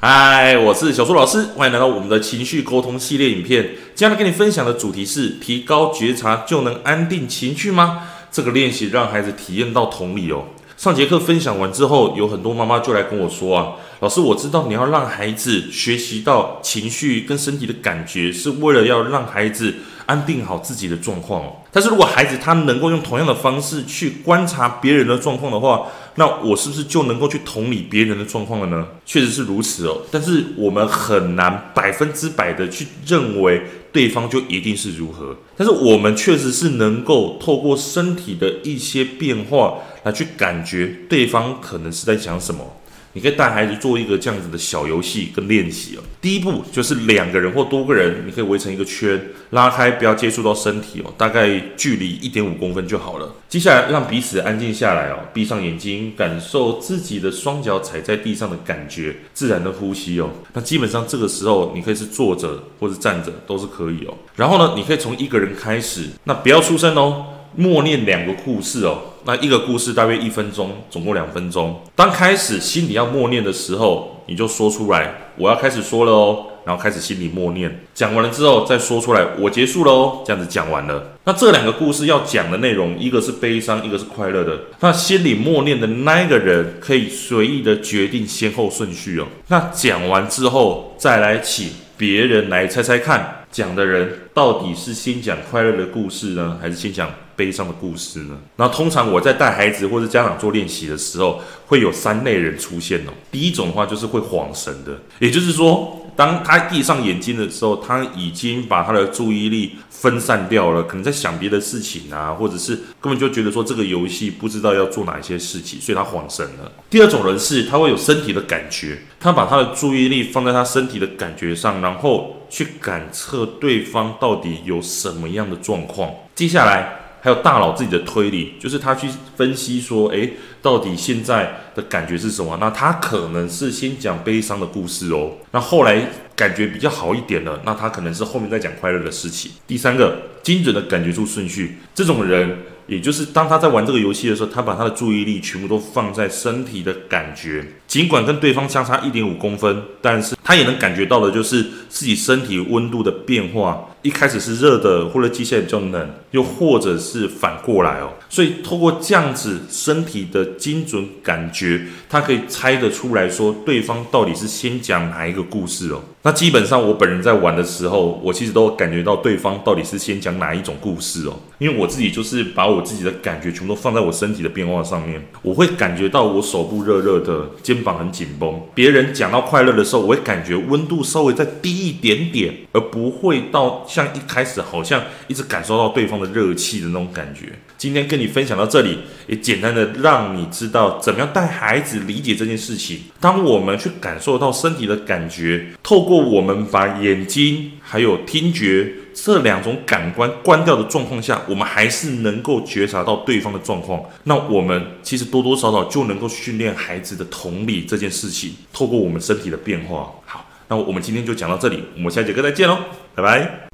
嗨，我是小蘇老師，歡迎來到我們的情緒溝通系列影片。接下來跟你分享的主題是：提高覺察就能安定情緒嗎？這個練習讓孩子體驗到同理哦。上節課分享完之後，有很多媽媽就來跟我說啊，老師，我知道你要讓孩子學習到情緒跟身體的感覺，是為了要讓孩子安定好自己的狀況哦。但是如果孩子他能夠用同樣的方式去觀察別人的狀況的話，那我是不是就能夠去同理別人的狀況了呢？確實是如此哦，但是我們很難百分之百的去認為對方就一定是如何，但是我們確實是能夠透過身體的一些變化來去感覺對方可能是在想什麼。你可以帶孩子做一個這樣子的小遊戲跟練習哦。第一步就是兩個人或多個人，你可以圍成一個圈，拉開不要接觸到身體哦，大概距離一點五公分就好了。接下來讓彼此安靜下來哦，閉上眼睛，感受自己的雙腳踩在地上的感覺，自然的呼吸哦。那基本上這個時候你可以是坐着或是站着都是可以哦。然後呢，你可以從一個人開始，那不要出聲哦。默念兩個故事哦，那一個故事大約一分鐘，總共兩分鐘。當開始心裡要默念的時候，你就說出來，我要開始說了哦，然後開始心裡默念。講完了之後再說出來，我結束了哦，這樣子講完了。那這兩個故事要講的內容，一個是悲傷，一個是快樂的。那心裡默念的那一個人可以隨意的決定先後順序哦。那講完之後再來請別人來猜猜看。講的人到底是先講快樂的故事呢，還是先講悲傷的故事呢？那通常我在帶孩子或是家長做練習的時候，會有三類人出現哦。第一種的話就是會恍神的，也就是說，當他閉上眼睛的時候，他已經把他的注意力分散掉了，可能在想別的事情啊，或者是根本就覺得說這個遊戲不知道要做哪一些事情，所以他恍神了。第二種人是他會有身體的感覺，他把他的注意力放在他身體的感覺上，然後。去感測對方到底有什麼樣的狀況，接下來還有大佬自己的推理，就是他去分析說，誒，到底現在的感覺是什麼？那他可能是先講悲傷的故事哦，那後來感覺比較好一點了，那他可能是後面再講快樂的事情。第三個，精準的感覺出順序，這種人。也就是當他在玩這個遊戲的時候，他把他的注意力全部都放在身體的感覺。儘管跟對方相差一點五公分，但是他也能感覺到的就是自己身體溫度的變化。一開始是熱的，或者接下來比較冷，又或者是反過來哦。所以透過這樣子身體的精準感覺，他可以猜得出來說對方到底是先講哪一個故事哦。那基本上我本人在玩的時候，我其實都感覺到對方到底是先講哪一種故事哦。因為我自己就是把我自己的感覺全都放在我身體的變化上面，我會感覺到我手部熱熱的，肩膀很緊繃。別人講到快樂的時候，我會感覺溫度稍微再低一點點，而不會到。像一開始好像一直感受到對方的熱氣的那種感覺。今天跟你分享到這裡，也簡單的讓你知道怎麼樣帶孩子理解這件事情。當我們去感受到身體的感覺，透過我們把眼睛還有聽覺這兩種感官關掉的狀況下，我們還是能夠覺察到對方的狀況。那我們其實多多少少就能夠訓練孩子的同理這件事情。透過我們身體的變化。好，那我們今天就講到這裡，我們下節課再見嘍，拜拜。